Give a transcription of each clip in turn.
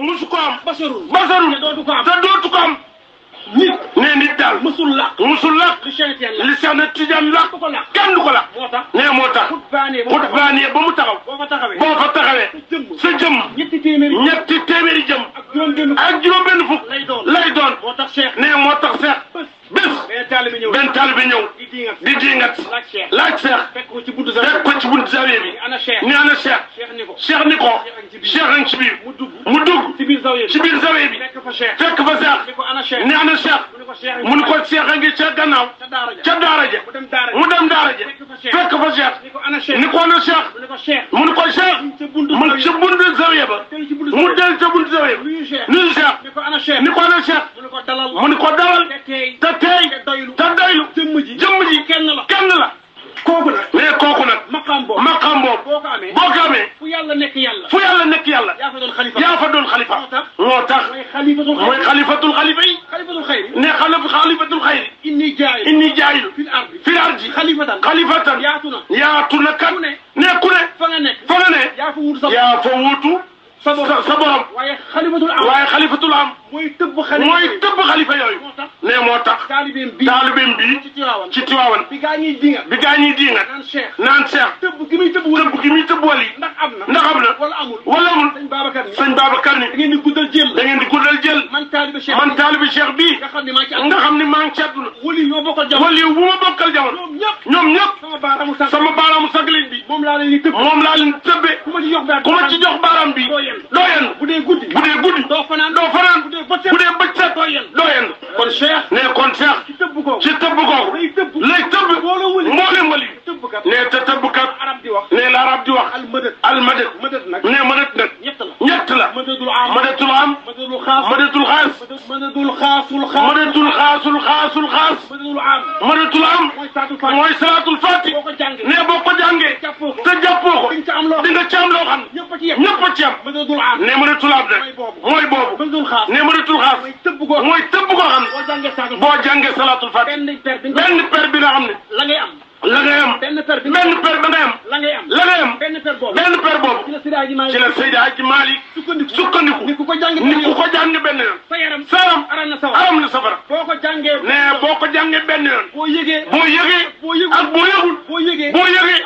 musu ko am basarul basarul te dootu ko am te nit nit daal musul li Cheikh na Tidiane làq kenn du ko làq nee moo tax xut baanee ba mu taxaw boo fa taxawee sa jëm ñetti téeméeri jëm ak juróom-benn fukk lay doon nee moo tax Cheikh bés benn taalibe ñëw di diingat laaj Cheikh fekk ko ci buntu zawiya bi ni ana Cheikh Cheikh ni ko Cheikh a ngi ci mu dugg ci biir zawiya bi fekk fa cheikh fekk fa cheikh ne ko ana cheikh mu ne ko cheikh a ngi ca gannaaw ca daara ja mu dem daara ja fekk fa cheikh ni ko ana cheikh mu ne ko cheikh mu ne ca buntu zawiya ba mu del ca buntu zawiya ba nuyu cheikh ni ko ana cheikh mu ne ko dalal te teey te doylu jëmm ji kenn la kooku nag mu ne kooku nag maqaam boobu maqaam boobu boo ko amee boo ko amee fu yàlla nekk yàlla fu yàlla nekk yàlla yaa fa doon xalifa yaa fa doon xalifa moo tax mooy xalifatul xalifa yi xalifatul xayri ne xalif xalifatul xayri inni jaayil inni jaayil fil ardi fil ardi xalifatan xalifatan yaatu na yaatu na kan ne ku ne fa nga nekk fa nga ne yaa fa wuutu saboro saboro waaye xalifatul am waaye xalifatul am mooy tëbb xalifa mooy tëbb xalifa yooyu ne moo tax taalibeem bi taalibeem bi ci tiwaawan bi gaa ñuy dinga bi gaa ñuy dinga naan cheikh tëbb gi muy tëbb wali tëbb gi muy tëbb wali ndax am na ndax am na wala amul wala amul sëñ Babacar ni sëñ Babacar ni da ngeen di guddal jël da ngeen di guddal jël man taalibe cheikh man taalibe cheikh bi nga xam ne maa ngi ci nga xam ne maa ngi ci àdduna wali yoo bokkal jamono wali bu ma bokkal jamono ñoom ñëpp sama baaraamu moom laa leen di tëbbee moom laa leen di tëbbee ku ma ci jox baaraam ku ma ci jox baaraam bi doo yenn bu dee guddi bu dee guddi doo fanaan doo fanaan bu dee bëccëg doo yenn doo yenn kon cheikh ne kon cheikh ci tëbb ko ci tëbb ko lay tëbb ne te ne la arab di wax al mëdët al mëdët ne mëdët nag ñett la mëdëtul am mëdëtul am mëdëtul xaas faati ne bokk jàppoo ko te jàppoo ko di nga am loo xam ne ñëpp a ci yem ne mën a tulaab nag mooy boobu ne mën a tul xaas mooy tëbb koo xam ne boo jàngee salaatul faat benn per bi nga xam ne la ngay am la ngay am benn per ba ngay am la ngay am benn per boobu ci la Seydi Hadji Malick sukkandiku ni ku ko jàng benn yoon sa yaram aram na safara boo ko jàngee benn yoon boo yëgee ak boo yëgul boo yëgee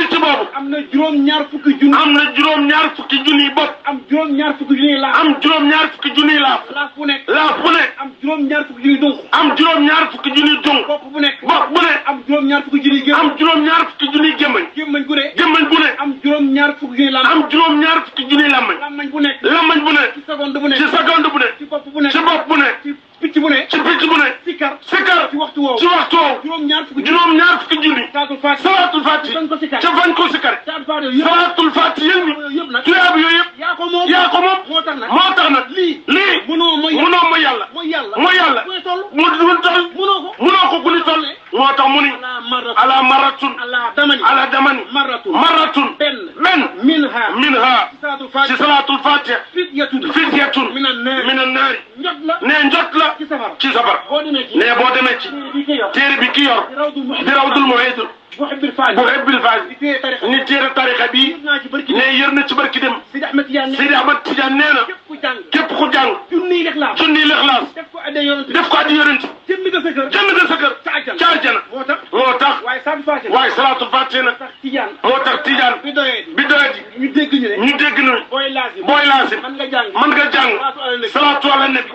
picc boobu. am na juróom-ñaar fukki junni. am na juróom-ñaar fukki junniy bopp. am juróom-ñaar fukki junniy laaf. am juróom-ñaar fukki junniy laaf. laaf bu nekk. laaf bu nekk. am juróom-ñaar fukki junniy dunq. am juróom-ñaar fukki junniy dunq. bopp bu nekk. bopp bu nekk. am juróom-ñaar fukki junniy gémmañ. am juróom-ñaar fukki junniy gémmañ. gémmañ bu ne. gémmañ bu ne. am juróom-ñaar fukki junniy làmmañ. am juróom-ñaar fukki junniy làmmañ. làmmañ bu nekk. làmmañ bu nekk. ci seconde bu nekk. ci seconde bu nekk. ci bopp bu nekk. ci bopp bu nekk. ci picc bu ne. ci picc bu ne. sikar sikar ci waxtu woowu ci waxtu woowu juróom-ñaar fukki juróom-ñaar fukki junni salaatul fati ca fañ ko sikar salaatul fati yéen ñi tuyaab yooyu yëpp yaa ko moom moo tax nag moo tax nag lii mënoo mooy yàlla mooy yàlla mu dul toll mënoo ko bu ñu toll moo tax mu ni ala maratun ala damani maratun benn minha ci salaatul fati fidyatun fidyatun min an-naar min an-naar njot la ne njot la ci safara nee boo demee ci téere bi ki yor di rawdul muhiit محب الفاز محب الفاز ni téere tarixa bi ne yër na ci barki dem Sidi Ahmed Tidiane nee na képp ku jàng junniy lixlaas def ko addi yonent jënd nga sa kër ca àjjana moo tax waaye salaatul fàtte na moo tax Tidiane bi doyati ñu dégg ñu ne booy laasim man nga jàng salaatu ala nabi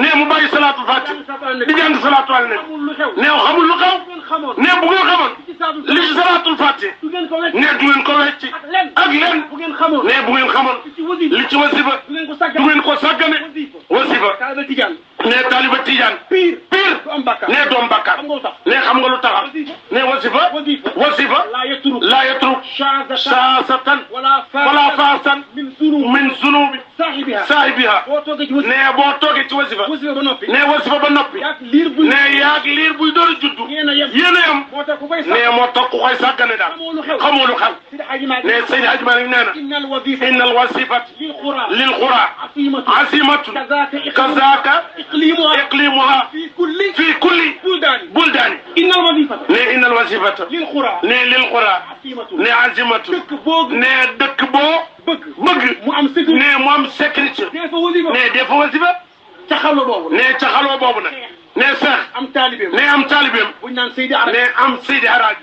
ne mu bàyyi salaatul fàtte di jàng salaatu ala nabi ne xamul lu xew ne bu ngeen xamoon li salaatul fàtte ne du ngeen ko wecci ak leen ne bu ngeen xamoon li ci wasifa du ngeen saahibiha ne boo toogee ci wasifa ne wasifa ba noppi ne yaag liir buy door a juddu yéen a yem ne moo tax ku koy sàggane daal xamoo lu xal ne sëñ Hadj Malick nee na inna al wasifat lil xura asimatun kazaaka iqlimuha fi kulli buldaani ne inna al wasifata ne lil xura ne asimatun ne dëkk boo bëgg bëgg mu am sécurité ne mu am sécurité ne fa wasifa ne dee fa wasifa caxalo boobu ne boobu nag ne sax am taalibeem ne am taalibeem buñ naan Seydi Arabi am Seydi Arabi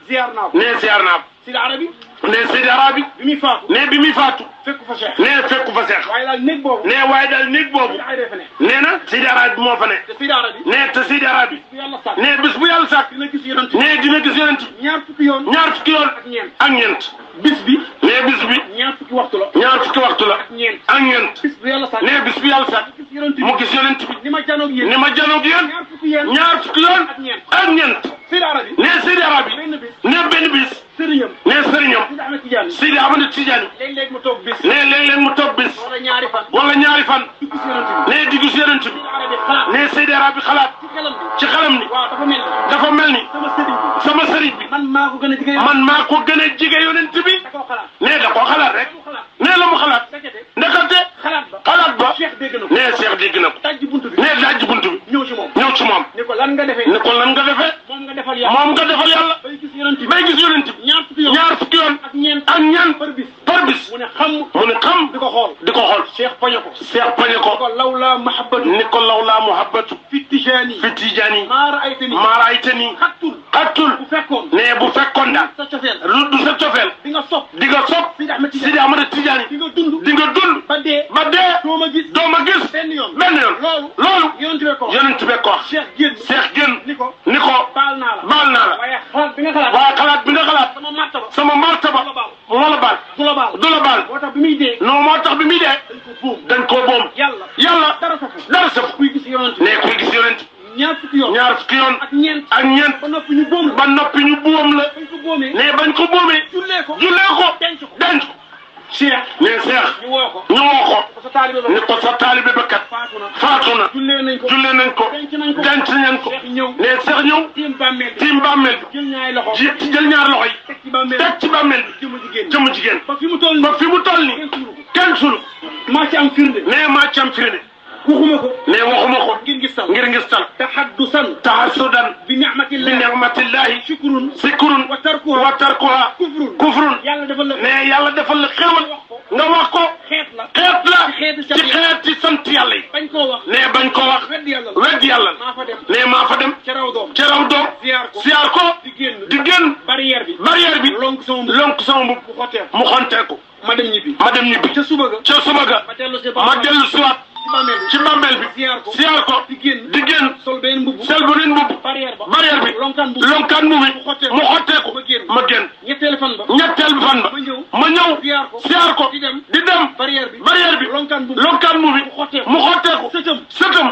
ziyaar ne ziyaar Sidi Arabi. ne Sidi Arabi. bi muy faatu. ne bi muy faatu. fekku fa seex. ne fekku fa seex. waaye daal néeg boobu. ne waaye daal néeg boobu. nee na. Sidi Arabi moo fa ne. Sidi Arabi. ne te Sidi Arabi. ne bis bu yàlla sàkk. dina gis yonent. ne dina gis yonent. ñaar fukki yoon. ñaar fukki yoon ak ñeent. ak ñeent. bis bi. ne bis bi. ñaar fukki waxtu la. ñaar fukki waxtu la. ak ñeent. bis bu yàlla sàkk. ne bis bu yàlla sàkk. mu gis yonent bi. ni ma janoog yéen. ni ma ñaar fukki yoon. ak ñeent. Sidi Arabi nee Sidi Arabi nee benn bis sëriñam nee sëriñam Sidi Ahmed Tidiane léeg-léeg mu toog bis nee léeg-léeg mu toog bis wala ñaari fan wala ñaari fan nee diggu si yonent bi nee Sidi Arabi xalaat ci xelam ni dafa mel ni sama sëriñ bi man maa ko gën a jige man maa ko gën a jige yonent bi nee da koo xalaat rek nee la mu xalaat ndekete xalaat ba nee Cheikh dégg na ko nee dajji buntu bi ñëw ci moom ni ko lan nga defee defal yàlla moom nga defal yàlla. bay gis yonent bi bay gis yonent bi ñaar fukki yoon ñaar fukki yoon ak ñeent ak ñeent par bis par bis mu ne xam mu ne xam di ko xool di ko xool Cheikh pañe ko Cheikh pañe ko ni ko lawlaa mahabbatu ni ko lawlaa mahabbatu fi tijaani fi tijaani maa raaytani maa raaytani xattul xattul bu fekkoon ne bu fekkoon daal sa cofeel lu du sa cofeel di nga sopp di nga sopp Sidi Ahmed Tijaani di nga dund di nga dund ba dee ba dee doo ma gis doo ma gis benn yoon benn yoon loolu loolu yonent bi ko wax nga xalaat waaye xalaat bi nga xalaat sama martaba sama martaba moo la baal du la baal du la baal moo tax bi muy dee non moo tax bi muy dee dañ koo boom yàlla yàlla dara safu dara safu kuy gis yonent ne kuy gis yonent ñaar fukki yoon ñaar fukki yoon ak ñeent ak ñeent ba noppi ñu boom ba noppi ñu boom la ne bañ ko boomee jullee ko denc ko denc ko cheikh ne cheikh ñu woo ko ñu woo ko ne ko sa taalibe faatu na jullee nañ ko denc nañ ko nee seex ñëw tiim bàmmeel ji jël ñaar loxo yi teg ci bàmmeel bi jëmu jigéen ba fi mu toll ni kenn sunu maa ci am firnde nee maa ci am firnde waxuma ko nee waxuma ko ngir ngis tal ngir ngis tal taxaddusan taxasudan bi nicmatillahi bi nicmatillahi sikrun sikrun wa tarkuha wa tarkuha kufrun kufrun nee yàlla defal la xéwal nga wax ko ak yàlla ne maa fa dem ca raw doom siyaar ko di génn barrière bi lonk sama mbubb mu xonteeku ma dem ñibbi ca suba ga ma dellu siwaat ci mambel bi ziar ko di génn di génn sol beneen mbubb sol beneen mbubb barrière bi lonkaan mbubb bi mu xotteeku ma génn ñetteel fan ba ma ñëw ziar di dem barrière bi lonkaan mbubb bi mu xotteeku sëtëm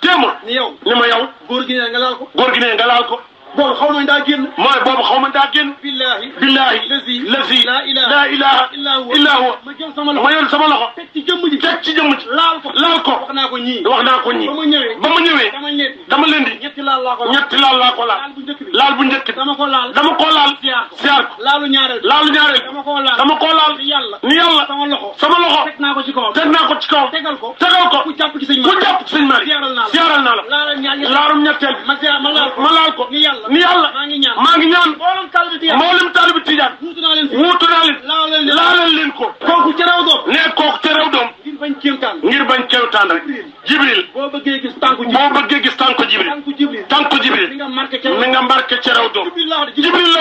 téema ni ma yow góor gi nee nga laal ko góor gi nee nga laal ko boobu xaw ma daa génn. mooy boobu xaw ma daa génn. billaahi billaahi lazi lazi laa huwa sama loxo ma yor sama loxo. teg ci jëmm ji teg ci jëmm ji. laal ko laal ko wax naa ko ñii. wax naa ko ñii ba ma ñëwee. ba ma ñëwee dama leen di. ñetti laal laa ko laal ñetti laal laa ko laal. laal bu njëkk bi dama ko laal. dama ko laal siyaar ko. laalu ñaareel laalu ñaareel. dama ko laal dama ko laal. ni yàlla ni yàlla sama loxo. sama loxo teg naa ko ci kawam teg naa ko ci kawam. tegal ko tegal ko ku jàpp ci sëñ Malick ku jàpp ci sëñ Malick. siyaaral naa la laalum ñetteel bi ma laal ko ni yàlla maa ngi ñaan mboolem taalibe ngir bañ cewtaan rek jibril boo bëggee gis tànku jibril tànku jibril tànku jibril mi nga marqué cerew doom jibril